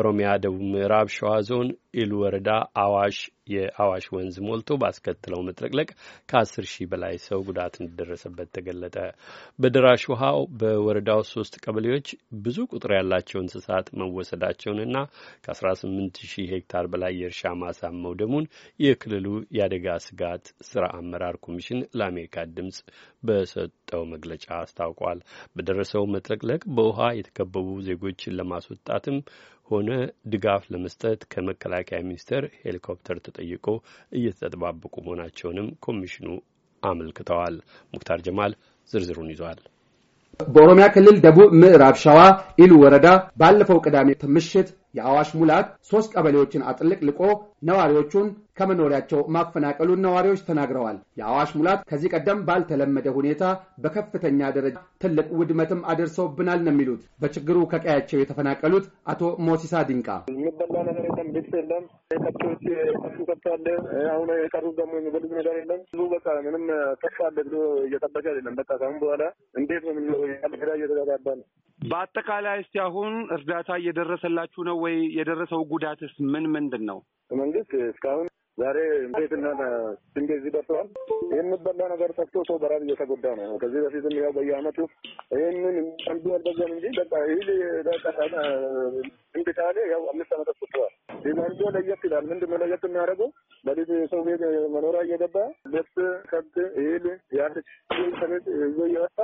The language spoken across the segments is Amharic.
በኦሮሚያ ደቡብ ምዕራብ ሸዋ ዞን ኢሉ ወረዳ አዋሽ የአዋሽ ወንዝ ሞልቶ ባስከትለው መጥለቅለቅ ከአስር ሺህ በላይ ሰው ጉዳት እንደደረሰበት ተገለጠ። በደራሽ ውሃው በወረዳው ሶስት ቀበሌዎች ብዙ ቁጥር ያላቸው እንስሳት መወሰዳቸውንና ከ ስምንት ሺህ ሄክታር በላይ የእርሻ ማሳ መውደሙን የክልሉ የአደጋ ስጋት ስራ አመራር ኮሚሽን ለአሜሪካ ድምጽ በሰጠው መግለጫ አስታውቋል። በደረሰው መጥለቅለቅ በውሃ የተከበቡ ዜጎችን ለማስወጣትም ሆነ ድጋፍ ለመስጠት ከመከላከያ ሚኒስቴር ሄሊኮፕተር ተጠይቆ እየተጠባበቁ መሆናቸውንም ኮሚሽኑ አመልክተዋል። ሙክታር ጀማል ዝርዝሩን ይዟል። በኦሮሚያ ክልል ደቡብ ምዕራብ ሸዋ ኢሉ ወረዳ ባለፈው ቅዳሜ ምሽት የአዋሽ ሙላት ሶስት ቀበሌዎችን አጥልቅ ልቆ ነዋሪዎቹን ከመኖሪያቸው ማፈናቀሉን ነዋሪዎች ተናግረዋል። የአዋሽ ሙላት ከዚህ ቀደም ባልተለመደ ሁኔታ በከፍተኛ ደረጃ ትልቅ ውድመትም አደርሰውብናል ነው የሚሉት በችግሩ ከቀያቸው የተፈናቀሉት አቶ ሞሲሳ ድንቃ። የሚበላ ነገር የለም፣ ልብስ የለም፣ ከብቶች ከሱ ከብት አሁን የቀሩት ደግሞ የሚበሉት ነገር የለም። ብዙ በቃ ምንም ተስፋ አለ ብሎ እየጠበቀ አይደለም። በቃ ካሁን በኋላ እንዴት ነው የምንለው? እየተጋባባ ነው በአጠቃላይ እስቲ አሁን እርዳታ እየደረሰላችሁ ነው ወይ? የደረሰው ጉዳትስ ምን ምንድን ነው? መንግስት እስካሁን ዛሬ ቤትና ስንዴ እዚህ ደርሰዋል። የሚበላ ነገር ጠፍቶ ሰው በራብ እየተጎዳ ነው። ከዚህ በፊትም ያው በየአመቱ ይህንን አንዱ አልበዛም እንጂ በቃ ይህ እምቢ ያው አምስት ዓመት አስቆጥሯል። ሌላኛው ለየት ይላል። ምንድን ነው ለየት የሚያደርገው? ለሊት ሰው ቤት መኖሪያ እየገባ ልብስ፣ ከብት፣ እህል ያለች ሰቤት ይዞ እየወጣ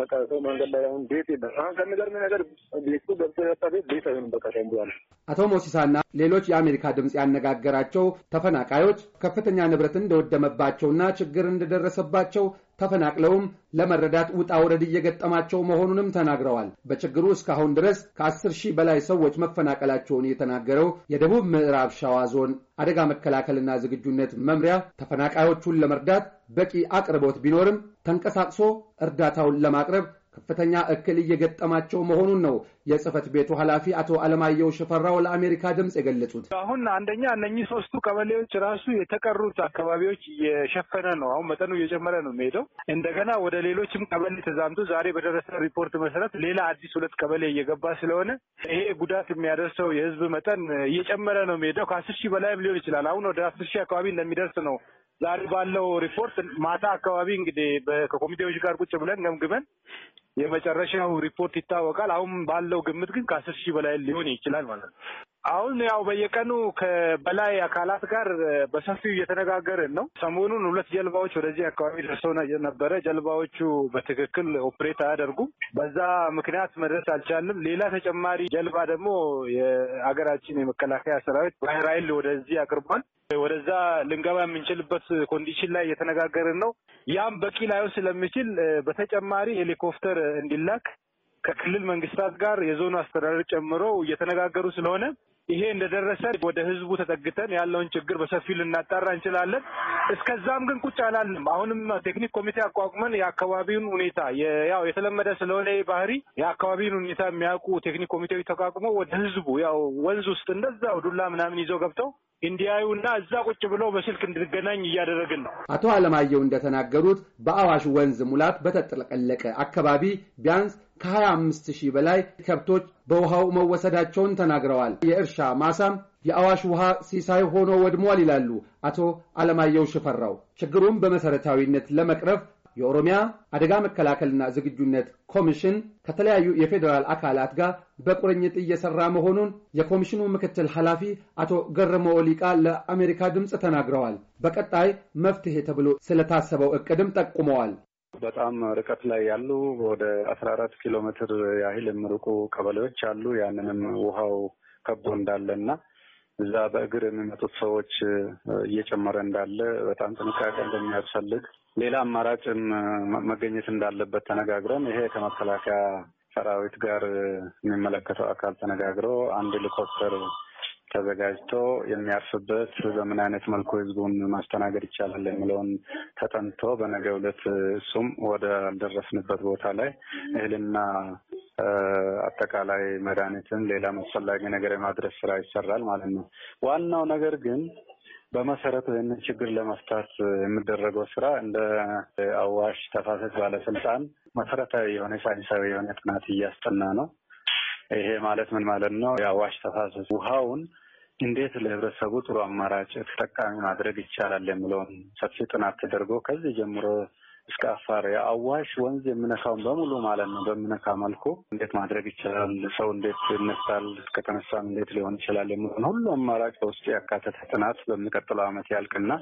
በቃ ሰው መንገድ ላይ አሁን ቤት የለም። አሁን ከሚገርም ነገር ቤቱ ገብቶ የወጣ ቤት ቤት አይሆንም። በቃ ተንብዋል። አቶ ሞሲሳና ሌሎች የአሜሪካ ድምፅ ያነጋገራቸው ተፈናቃዮች ከፍተኛ ንብረት እንደወደመባቸውና ችግር እንደደረሰባቸው ተፈናቅለውም ለመረዳት ውጣ ውረድ እየገጠማቸው መሆኑንም ተናግረዋል። በችግሩ እስካሁን ድረስ ከአስር ሺህ በላይ ሰዎች መፈናቀላቸውን የተናገረው የደቡብ ምዕራብ ሸዋ ዞን አደጋ መከላከልና ዝግጁነት መምሪያ ተፈናቃዮቹን ለመርዳት በቂ አቅርቦት ቢኖርም ተንቀሳቅሶ እርዳታውን ለማቅረብ ከፍተኛ እክል እየገጠማቸው መሆኑን ነው የጽህፈት ቤቱ ኃላፊ አቶ አለማየሁ ሽፈራው ለአሜሪካ ድምፅ የገለጹት። አሁን አንደኛ እነኚህ ሶስቱ ቀበሌዎች ራሱ የተቀሩት አካባቢዎች እየሸፈነ ነው። አሁን መጠኑ እየጨመረ ነው የሚሄደው። እንደገና ወደ ሌሎችም ቀበሌ ተዛምቶ ዛሬ በደረሰ ሪፖርት መሰረት ሌላ አዲስ ሁለት ቀበሌ እየገባ ስለሆነ ይሄ ጉዳት የሚያደርሰው የህዝብ መጠን እየጨመረ ነው የሚሄደው። ከአስር ሺህ በላይም ሊሆን ይችላል። አሁን ወደ አስር ሺህ አካባቢ እንደሚደርስ ነው ዛሬ ባለው ሪፖርት ማታ አካባቢ እንግዲህ ከኮሚቴዎች ጋር ቁጭ ብለን ገምግመን የመጨረሻው ሪፖርት ይታወቃል። አሁን ባለው ግምት ግን ከአስር ሺህ በላይ ሊሆን ይችላል ማለት ነው። አሁን ያው በየቀኑ ከበላይ አካላት ጋር በሰፊው እየተነጋገርን ነው። ሰሞኑን ሁለት ጀልባዎች ወደዚህ አካባቢ ደርሰው ነበረ። ጀልባዎቹ በትክክል ኦፕሬት አያደርጉም። በዛ ምክንያት መድረስ አልቻልም። ሌላ ተጨማሪ ጀልባ ደግሞ የሀገራችን የመከላከያ ሰራዊት ባህር ኃይል ወደዚህ አቅርቧል። ወደዛ ልንገባ የምንችልበት ኮንዲሽን ላይ እየተነጋገርን ነው። ያም በቂ ላይሆን ስለሚችል በተጨማሪ ሄሊኮፕተር እንዲላክ ከክልል መንግስታት ጋር የዞኑ አስተዳደር ጨምሮ እየተነጋገሩ ስለሆነ ይሄ እንደደረሰ ወደ ህዝቡ ተጠግተን ያለውን ችግር በሰፊው ልናጣራ እንችላለን። እስከዛም ግን ቁጭ አላልንም። አሁንም ቴክኒክ ኮሚቴ አቋቁመን የአካባቢውን ሁኔታ ያው የተለመደ ስለሆነ ባህሪ የአካባቢውን ሁኔታ የሚያውቁ ቴክኒክ ኮሚቴዎች ተቋቁሞ ወደ ህዝቡ ያው ወንዝ ውስጥ እንደዛው ዱላ ምናምን ይዘው ገብተው እንዲያዩና እዛ ቁጭ ብለው በስልክ እንድንገናኝ እያደረግን ነው። አቶ አለማየሁ እንደተናገሩት በአዋሽ ወንዝ ሙላት በተጥለቀለቀ አካባቢ ቢያንስ ከ25 ሺህ በላይ ከብቶች በውሃው መወሰዳቸውን ተናግረዋል። የእርሻ ማሳም የአዋሽ ውሃ ሲሳይ ሆኖ ወድሟል ይላሉ አቶ አለማየሁ ሽፈራው። ችግሩን በመሠረታዊነት ለመቅረፍ የኦሮሚያ አደጋ መከላከልና ዝግጁነት ኮሚሽን ከተለያዩ የፌዴራል አካላት ጋር በቁርኝት እየሰራ መሆኑን የኮሚሽኑ ምክትል ኃላፊ አቶ ገረመ ኦሊቃ ለአሜሪካ ድምፅ ተናግረዋል። በቀጣይ መፍትሄ ተብሎ ስለታሰበው እቅድም ጠቁመዋል። በጣም ርቀት ላይ ያሉ ወደ አስራ አራት ኪሎ ሜትር ያህል የሚርቁ ቀበሌዎች አሉ። ያንንም ውሃው ከቦ እንዳለና እዛ በእግር የሚመጡት ሰዎች እየጨመረ እንዳለ በጣም ጥንቃቄ እንደሚያስፈልግ ሌላ አማራጭም መገኘት እንዳለበት ተነጋግረን ይሄ ከመከላከያ ሰራዊት ጋር የሚመለከተው አካል ተነጋግሮ አንድ ሄሊኮፕተር ተዘጋጅቶ የሚያርፍበት በምን አይነት መልኩ ህዝቡን ማስተናገድ ይቻላል የሚለውን ተጠንቶ በነገ ዕለት እሱም ወደ አልደረስንበት ቦታ ላይ እህልና አጠቃላይ መድኃኒትን ሌላ አስፈላጊ ነገር የማድረስ ስራ ይሰራል ማለት ነው። ዋናው ነገር ግን በመሰረቱ ይህንን ችግር ለመፍታት የሚደረገው ስራ እንደ አዋሽ ተፋሰስ ባለስልጣን መሰረታዊ የሆነ ሳይንሳዊ የሆነ ጥናት እያስጠና ነው። ይሄ ማለት ምን ማለት ነው? የአዋሽ ተፋሰስ ውሃውን እንዴት ለህብረተሰቡ ጥሩ አማራጭ ተጠቃሚ ማድረግ ይቻላል የሚለውን ሰፊ ጥናት ተደርጎ ከዚህ ጀምሮ እስከ አፋር የአዋሽ ወንዝ የምነካውን በሙሉ ማለት ነው በምነካ መልኩ እንዴት ማድረግ ይችላል፣ ሰው እንዴት ይነሳል፣ እስከተነሳም እንዴት ሊሆን ይችላል የሚሆን ሁሉ አማራጭ በውስጡ ያካተተ ጥናት በሚቀጥለው ዓመት ያልቅና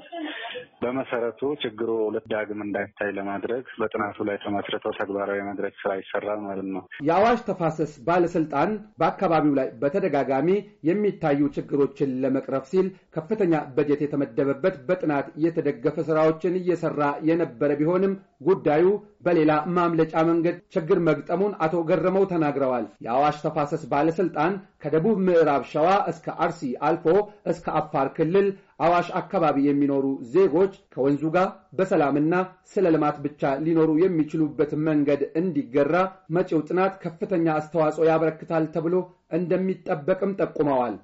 በመሰረቱ ችግሩ ሁለት ዳግም እንዳይታይ ለማድረግ በጥናቱ ላይ ተመስርተው ተግባራዊ ማድረግ ስራ ይሰራል ማለት ነው። የአዋሽ ተፋሰስ ባለስልጣን በአካባቢው ላይ በተደጋጋሚ የሚታዩ ችግሮችን ለመቅረፍ ሲል ከፍተኛ በጀት የተመደበበት በጥናት የተደገፈ ስራዎችን እየሰራ የነበረ ቢሆንም ጉዳዩ በሌላ ማምለጫ መንገድ ችግር መግጠሙን አቶ ገረመው ተናግረዋል። የአዋሽ ተፋሰስ ባለስልጣን ከደቡብ ምዕራብ ሸዋ እስከ አርሲ አልፎ እስከ አፋር ክልል አዋሽ አካባቢ የሚኖሩ ዜጎች ከወንዙ ጋር በሰላምና ስለ ልማት ብቻ ሊኖሩ የሚችሉበት መንገድ እንዲገራ መጪው ጥናት ከፍተኛ አስተዋጽኦ ያበረክታል ተብሎ እንደሚጠበቅም ጠቁመዋል።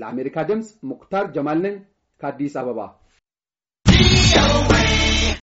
ለአሜሪካ ድምፅ ሙክታር ጀማል ነኝ ከአዲስ አበባ